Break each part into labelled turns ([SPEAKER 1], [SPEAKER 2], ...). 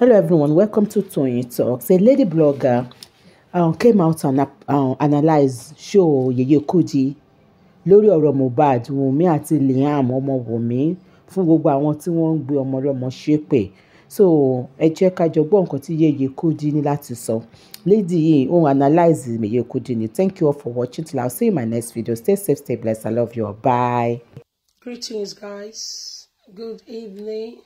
[SPEAKER 1] Hello everyone, welcome to Toyeen Talks. A lady blogger um, came out and um, analyzed show Yeye Kudi lórí ọ̀rọ̀ Mohbad Wunmi àti Liam Ọmọwunmi fún gbogbo àwọn tí wọ́n ń gbé ọmọ ọlọ́mọ ṣépè so ẹ jẹ́ ká jọ gbọ́ nǹkan tí Yeye Kudi ní láti sọ lady yìí òun analyze Yeye Kudi ni thank you all for watching till I'll see you in my next video stay safe stay blessed I love you all bye. Greetings guys good evening.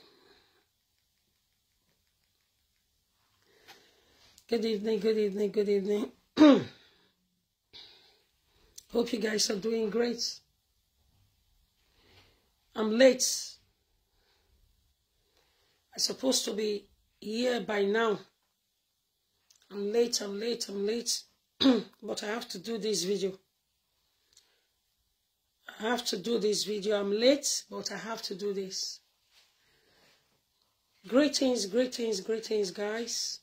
[SPEAKER 1] Good evening, good evening, good evening. Hope you guys are doing great. I'm late. I'm supposed to be here by now. I'm late, I'm late, I'm late. but I have to do this video. I have to do this video. I'm late, but I have to do this. Greetings, greetings, greetings, guys.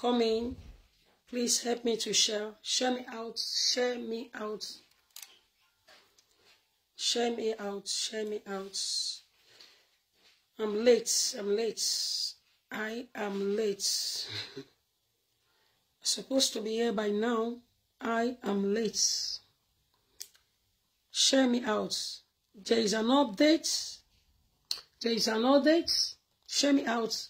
[SPEAKER 1] Come in, Please help me to share. Share me out. Share me out. Share me out. Share me out. I'm late. I'm late. I am late. supposed to be here by now. I am late. Share me out. There is an update. There is an update. Share me out.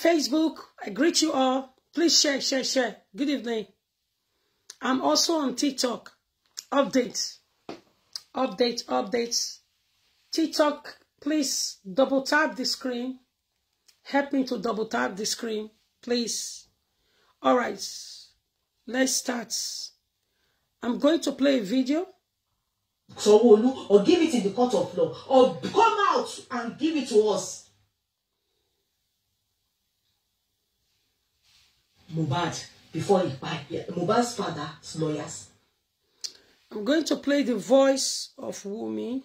[SPEAKER 1] Facebook, I greet you all. Please share, share, share. Good evening. I'm also on TikTok. Update. Update, updates. TikTok, please double tap the screen. Help me to double tap the screen, please. All right, let's start. I'm going to play a video. So, or give it in the court of law, or come out and give it to us. Mubad before he died. Mohbad's father's lawyers. I'm going to play the voice of Wumi.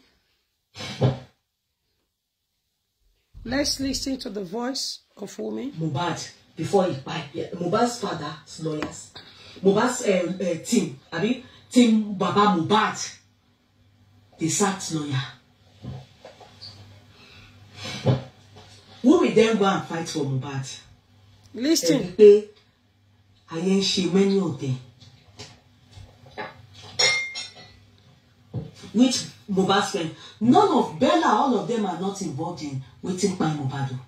[SPEAKER 1] Let's listen to the voice of Wumi. Mubad before he died. Mohbad's father's lawyers. Mubad's uh, eh, uh, eh, team, abi team Baba Mubad, the sacked lawyer. Wumi then go and fight for Mubad? Listen. Uh, ayé ń ṣe many of them which Mohbad's friend none of Bella all of them are not involved in wetin kpai Mohbad o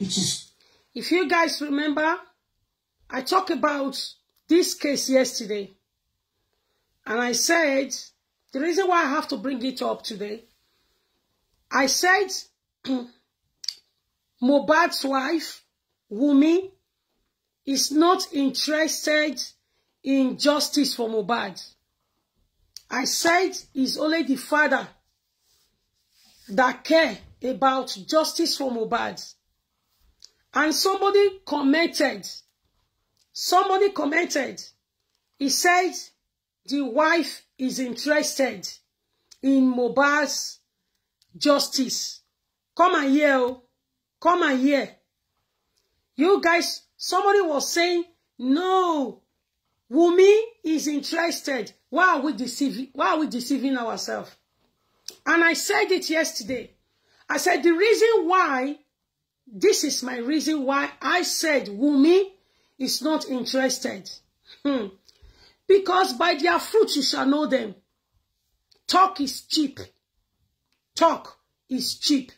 [SPEAKER 1] it is. if you guys remember I talk about this case yesterday and I said the reason why I have to bring it up today I said Mohbad's wife Wunmi is not interested in justice for Mohbad. I said it's only the father that care about justice for Mohbad. And somebody commented, somebody commented, he said the wife is interested in Mohbad's justice. Come and hear, oh. come and hear. You guys Somebody was saying, no, Wumi is interested. Why are we deceiving? Why are we deceiving ourselves? And I said it yesterday. I said the reason why, this is my reason why I said Wumi is not interested. Hmm. Because by their fruits you shall know them. Talk is cheap. Talk is cheap.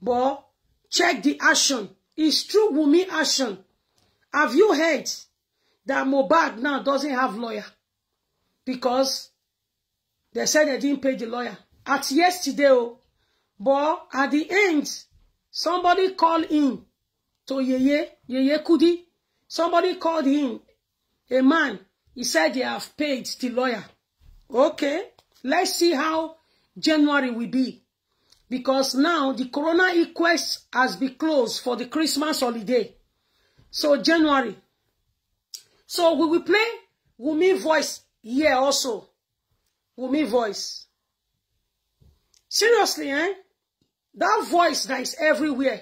[SPEAKER 1] But check the action. It's true Wumi action. Have you heard that Mobad now doesn't have lawyer? Because they said they didn't pay the lawyer. At yesterday, oh, but at the end, somebody called in to Yeye, Yeye Kudi. Somebody called in, a man. He said they have paid the lawyer. Okay, let's see how January will be. Because now the corona request has been closed for the Christmas holiday. So January. So we will play Wumi voice here also. Wumi voice. Seriously, eh? That voice that is everywhere.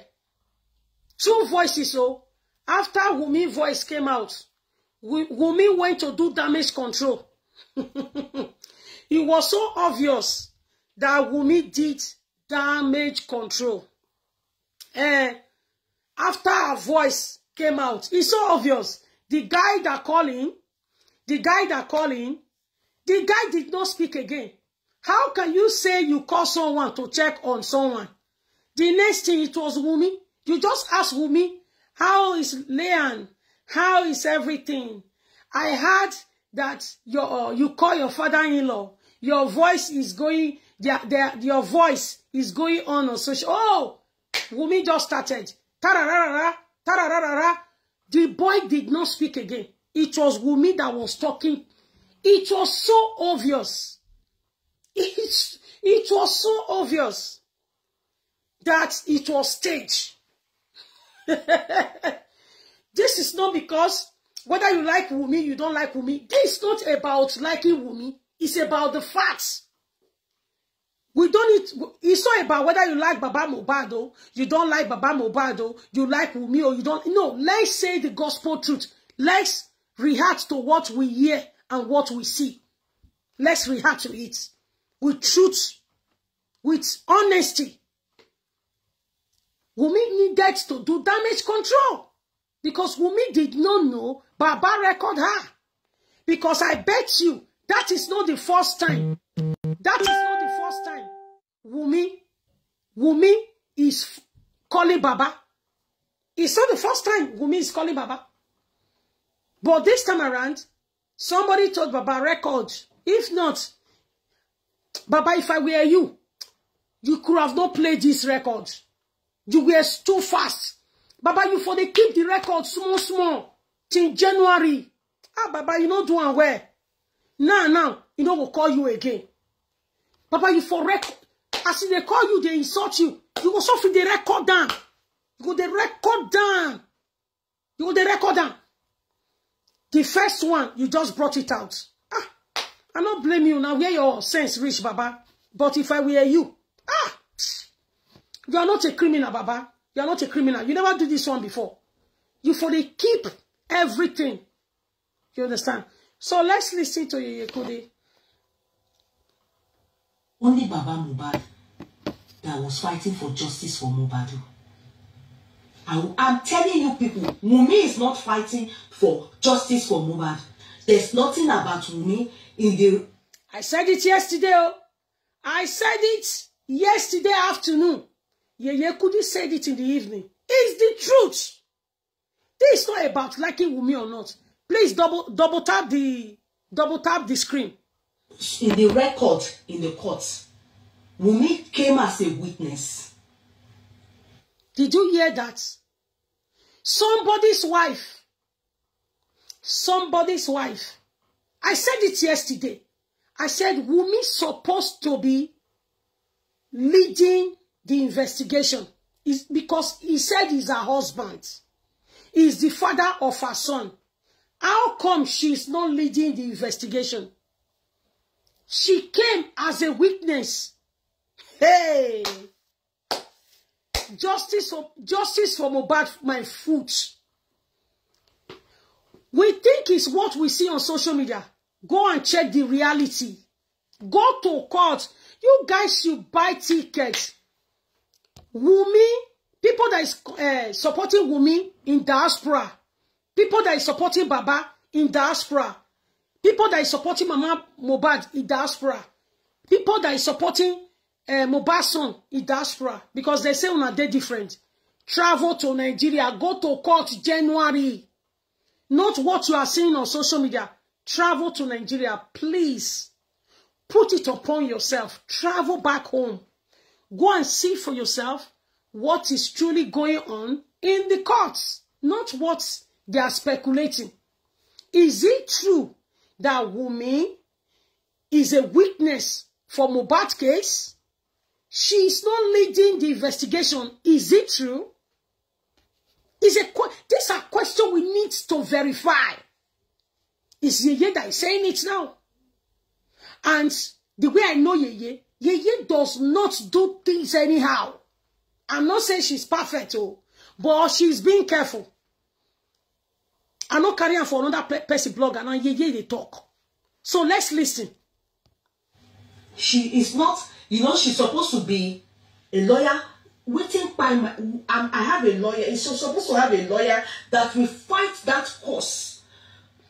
[SPEAKER 1] Two voices, so oh. after Wumi voice came out, Wumi went to do damage control. It was so obvious that Wumi did damage control. Eh. after her voice came out. It's so obvious. The guy that calling, the guy that calling, the guy did not speak again. How can you say you call someone to check on someone? The next thing, it was Wumi. You just asked Wumi, how is Leon? How is everything? I heard that your uh, you call your father-in-law. Your voice is going, their, their, your voice is going on on social. Oh, Wumi just started. Ta-ra-ra-ra-ra tarararara, the boy did not speak again. It was Wumi that was talking. It was so obvious. It, it was so obvious that it was staged. this is not because whether you like Wumi, you don't like Wumi. This is not about liking Wumi. It's about the facts. We don't need, it's not about whether you like Baba Mobado, you don't like Baba Mobado, you like Wunmi or you don't. No, let's say the gospel truth. Let's react to what we hear and what we see. Let's react to it with truth, with honesty. Wumi needed to do damage control because Wumi did not know Baba record her. Because I bet you that is not the first time. That is not first time Wumi Wumi is calling Baba. It's not the first time Wumi is calling Baba. But this time around, somebody told Baba record. If not, Baba, if I were you, you could have not played this record. You were too fast. Baba, you for they keep the record small, small In January. Ah, Baba, you know do and where. Now, now, you know we'll call you again. Papa, you for record. As they call you, they insult you. You go suffer the record down. You go the record down. You go the record down. The first one, you just brought it out. Ah, I not blame you now. Where your sense reach, Baba. But if I were you, ah, you are not a criminal, Baba. You are not a criminal. You never do this one before. You for the keep everything. You understand? So let's listen to Yeye Kudi only Baba Mubad that was fighting for justice for Mubadu. I, I'm telling you people, Wunmi is not fighting for justice for Mubad. There's nothing about Wunmi in the... I said it yesterday. Oh. I said it yesterday afternoon. Yeye Kudi said it in the evening. It's the truth. This is not about liking Wumi or not. Please double double tap the double tap the screen in the record in the court Wunmi came as a witness. Did you hear that? Somebody's wife. Somebody's wife. I said it yesterday. I said Wunmi supposed to be leading the investigation. is because he said he's her husband. He's the father of her son. How come she's not leading the investigation? She came as a witness. Hey! Justice of justice from Mohbad, my foot. We think it's what we see on social media. Go and check the reality. Go to court. You guys should buy tickets. Wumi, people that is uh, supporting Wumi in diaspora. People that is supporting Baba in diaspora. People that is supporting Mama Mohbad in diaspora. People that is supporting uh, eh, Mohbad son in diaspora because they say una dey different. Travel to Nigeria, go to court January. Not what you are seeing on social media. Travel to Nigeria, please. Put it upon yourself. Travel back home. Go and see for yourself what is truly going on in the courts, not what they are speculating. Is it true that Wumi is a witness for Mohbad case. She is not leading the investigation. Is it true? Is a this a question we need to verify. Is Yeye that is saying it now? And the way I know Yeye, Yeye does not do things anyhow. I'm not saying she's perfect, oh, but she's being careful. I no carry am for another person blog and I yeah, yeah, they talk. So let's listen. She is not, you know, she's supposed to be a lawyer waiting by my, um, I have a lawyer, and she's supposed to have a lawyer that will fight that cause.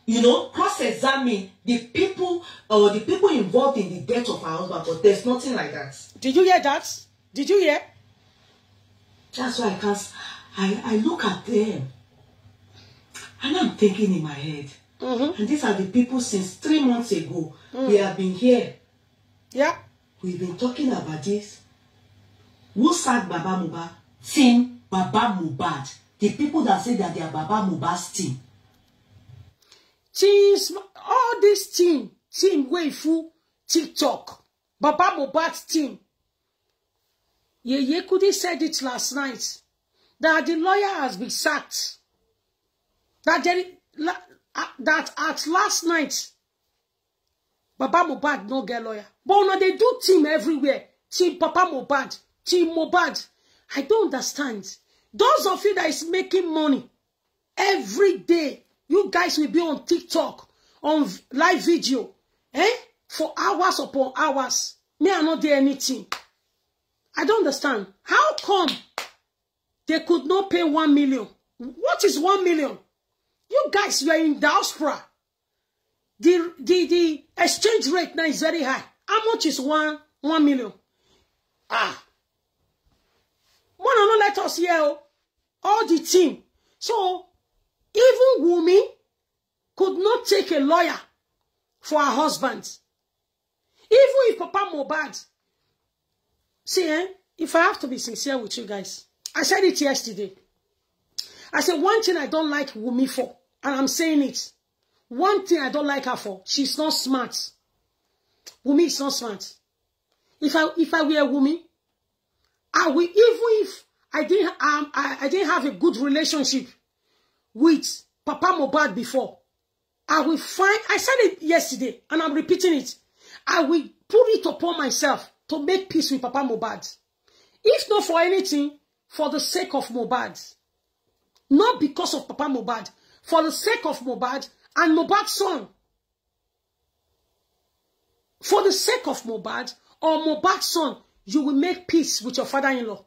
[SPEAKER 1] You know, cross-examine the people or the people involved in the death of her husband, but there's nothing like that. Did you hear that? Did you hear? That's why I can't, I, I look at them. And I'm thinking in my head. Mm-hmm. And these are the people since three months ago. Mm. We have been here. Yeah. We've been talking about this. Who sacked Baba Muba? Team Baba Mubad. The people that say that they are Baba Mohbad's team. Teams, all this team, team way full TikTok, Baba Mubad team. Yeye Kudi said it last night that the lawyer has been sacked that jerry that at last night Baba Mobad no get lawyer but una they do team everywhere team Papa Mobad, team Mobad. I don't understand those of you that is making money every day you guys will be on TikTok on live video eh for hours upon hours me are not dey anything I don't understand how come they could not pay one million what is one million You guys, you are in diaspora. The, the, the exchange rate now is very high. How much is one, one million? Ah. One no let us hear oh. all the team. So, even Wumi could not take a lawyer for her husband. Even if Papa Mobad, see, eh, if I have to be sincere with you guys, I said it yesterday. I said, one thing I don't like Wumi for And I'm saying it. One thing I don't like her for, she's not smart. Wumi is not smart. If I if I were a woman, I will even if I didn't um, I, I didn't have a good relationship with Papa Mobad before, I will find I said it yesterday and I'm repeating it. I will put it upon myself to make peace with Papa Mobad. If not for anything, for the sake of Mobad, Not because of Papa Mobad for the sake of Mobad and Mobad's son. For the sake of Mobad or Mobad's son, you will make peace with your father-in-law.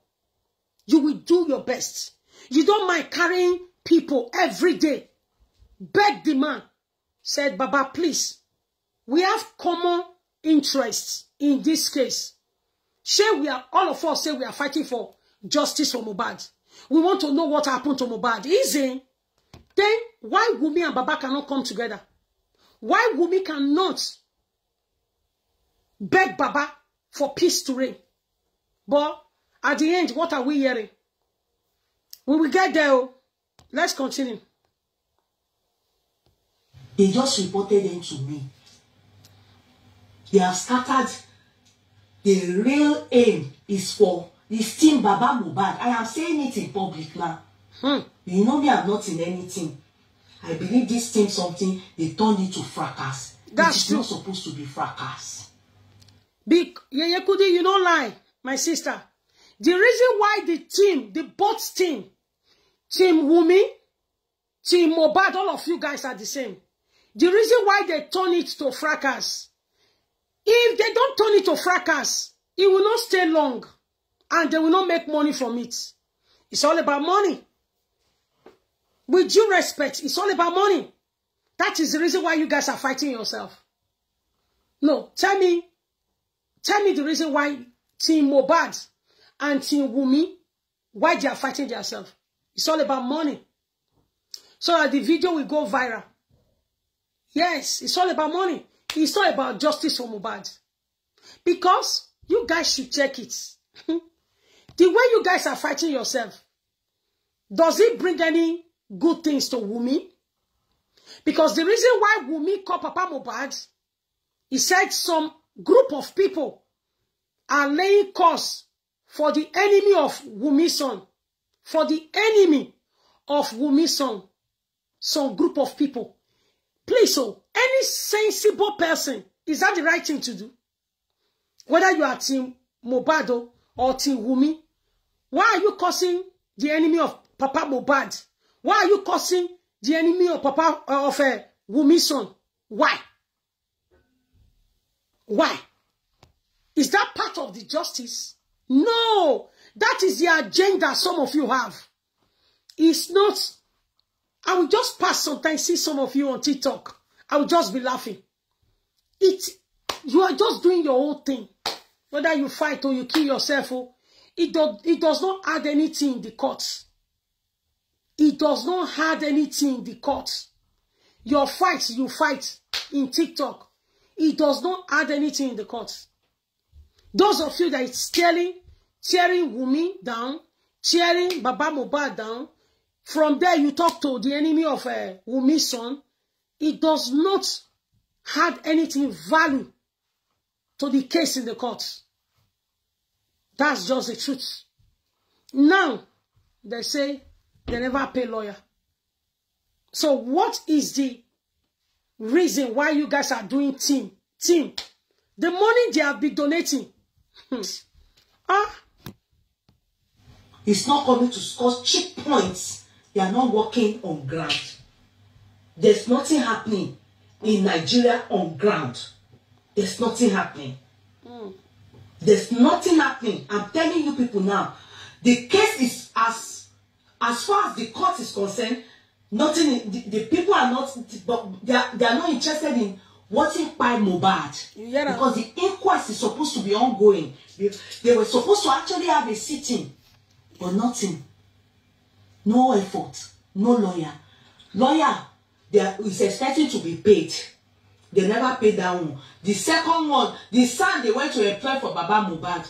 [SPEAKER 1] You will do your best. You don't mind carrying people every day. Beg the man. Said, Baba, please. We have common interests in this case. Say we are, all of us say we are fighting for justice for Mohbad. We want to know what happened to Mohbad. Easy. Then why Wunmi and Baba cannot come together? Why Wunmi cannot beg Baba for peace to reign? But at the end, what are we hearing? When we get there, oh. let's continue. They just reported them to me. They have scattered. The real aim is for this team Baba Mubad. I am saying it in public now. Hmm. You know me, I'm not in anything. I believe this thing something they turned it to fracas. That's it's true. not supposed to be fracas. Big Yeye Kudi, you don't lie, my sister. The reason why the team, the both team, Team Wumi, Team Mobad, all of you guys are the same. The reason why they turn it to fracas, if they don't turn it to fracas, it will not stay long and they will not make money from it. It's all about money. With due respect, it's all about money. That is the reason why you guys are fighting yourself. No, tell me, tell me the reason why Team Mobad and Team Wumi, why they are fighting themselves. It's all about money. So that the video will go viral. Yes, it's all about money. It's all about justice for Mobad. Because you guys should check it. the way you guys are fighting yourself, does it bring any good things to Wumi. Because the reason why Wumi called Papa Mobad, he said some group of people are laying cause for the enemy of Wumi's son. For the enemy of Wumi's son. Some group of people. Please, so oh, any sensible person, is that the right thing to do? Whether you are Team Mobado oh, or Team Wumi, why are you causing the enemy of Papa Mobad Why are you cursing the enemy of Papa uh, of a uh, Wumi's son? Why? Why? Is that part of the justice? No, that is the agenda some of you have. It's not. I will just pass sometimes, see some of you on TikTok. I will just be laughing. It, you are just doing your own thing. Whether you fight or you kill yourself, oh, it, do, it does not add anything in the courts. It does not add anything in the court. Your fight, you fight in TikTok. It does not add anything in the court. Those of you that is tearing, tearing Wumi down, tearing Baba Mohbad down, from there you talk to the enemy of uh, eh, Wumi's son, it does not add anything value to the case in the court. That's just the truth. Now, they say, They never pay lawyer. So what is the reason why you guys are doing team? Team. The money they have been donating. Hmm. ah. It's not coming to score cheap points. They are not working on ground. There's nothing happening in Nigeria on ground. There's nothing happening. Mm. There's nothing happening. I'm telling you people now. The case is as as far as the court is concerned nothing the, the people are not they are, they are not interested in what if by Mohbad yeah. because the inquest is supposed to be ongoing they, were supposed to actually have a sitting but nothing no effort no lawyer lawyer they are, is expecting to be paid they never paid that one the second one the son they went to apply for Baba Mohbad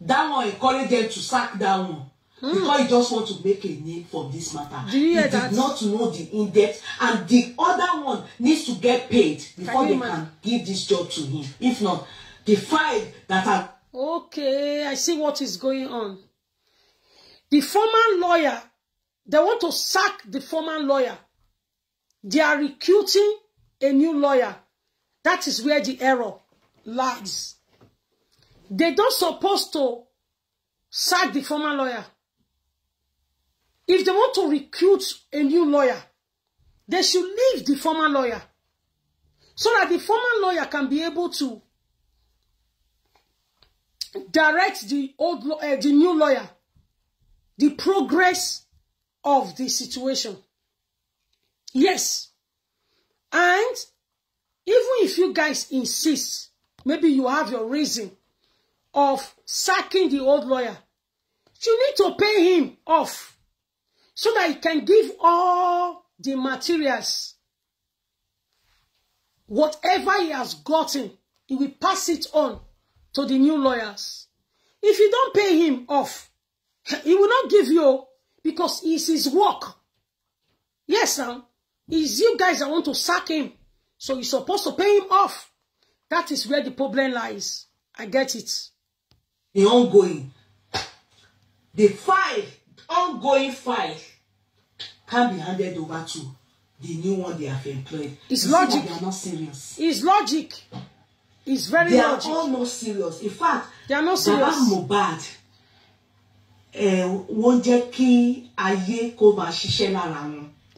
[SPEAKER 1] that one encourage them to sack that one Mm. Because you just want to make a name for this matter. Do you hear he that? did not know the in-depth and the other one needs to get paid before can they can give this job to him. If not, the five that are... Okay, I see what is going on. The former lawyer, they want to sack the former lawyer. They are recruiting a new lawyer. That is where the error lies. They don't supposed to sack the former lawyer. If they want to recruit a new lawyer, they should leave the former lawyer so that the former lawyer can be able to direct the old uh, the new lawyer the progress of the situation yes and even if you guys insist maybe you have your reason of sacking the old lawyer you need to pay him off so that he can give all the materials. Whatever he has gotten, he will pass it on to the new lawyers. If you don't pay him off, he will not give you because it's his work. Yes, sir. It's you guys that want to sack him. So you're supposed to pay him off. That is where the problem lies. I get it. The ongoing. The five ongoing file can be handed over to the new one they have employed. It's you logic. They are not serious. It's logic. It's very they logic. They are all not serious. In fact, they are not serious. Baba Mubad, eh, wọ́n jẹ́ kí ayé kó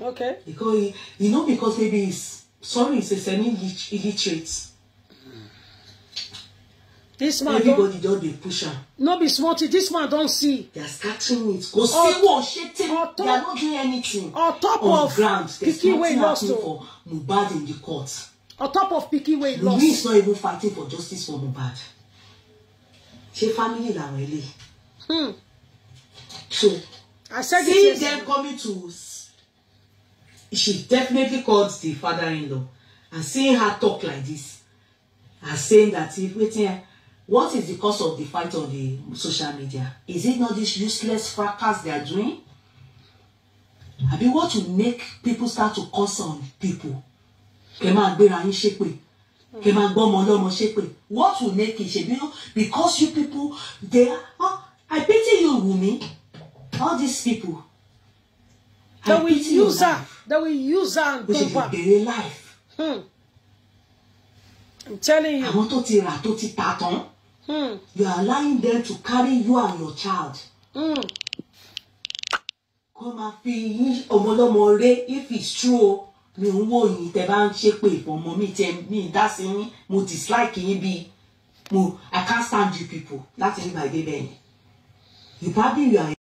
[SPEAKER 1] Okay. Because you know because maybe he's sorry he's a semi illiterate this man everybody don dey push am no be small thing this man don see they are scattering it go see who wo shete they are not doing anything on top on of ground is nothing happening oh. for Mohbad in the court on top of pikin wey lost Wunmi is not even fighting for justice for Mohbad ṣe family làwọn ilé hmm. so I said seeing them coming to she definitely called the father-in-law and seeing her talk like this and saying that if wetin What is the cause of the fight on the social media? Is it not this useless fracas they are doing? I mean, what to make people start to curse on people? Kẹ máa gbéra yín ṣépè. Kẹ máa gbọ́ ọmọ ọlọ́mọ ṣépè. What will make it? because you people they are oh, I pity you Wunmi. All these people. That I we use her. That we use her and is for. Life. Hmm. I'm telling you. Àwọn tó ti rà tó Mm. You are allowing them to carry you and your child. Hmm. Kọ́ máa fi yín ọmọlọ́mọ ré if it's true o. Mi ń wò yín tẹ bá ń ṣépè ìfọ̀mọ́ mi tẹ mi ń dá sí yín mo dislike yín bíi mo I can't stand you people láti rí my baby yẹn. You probably you are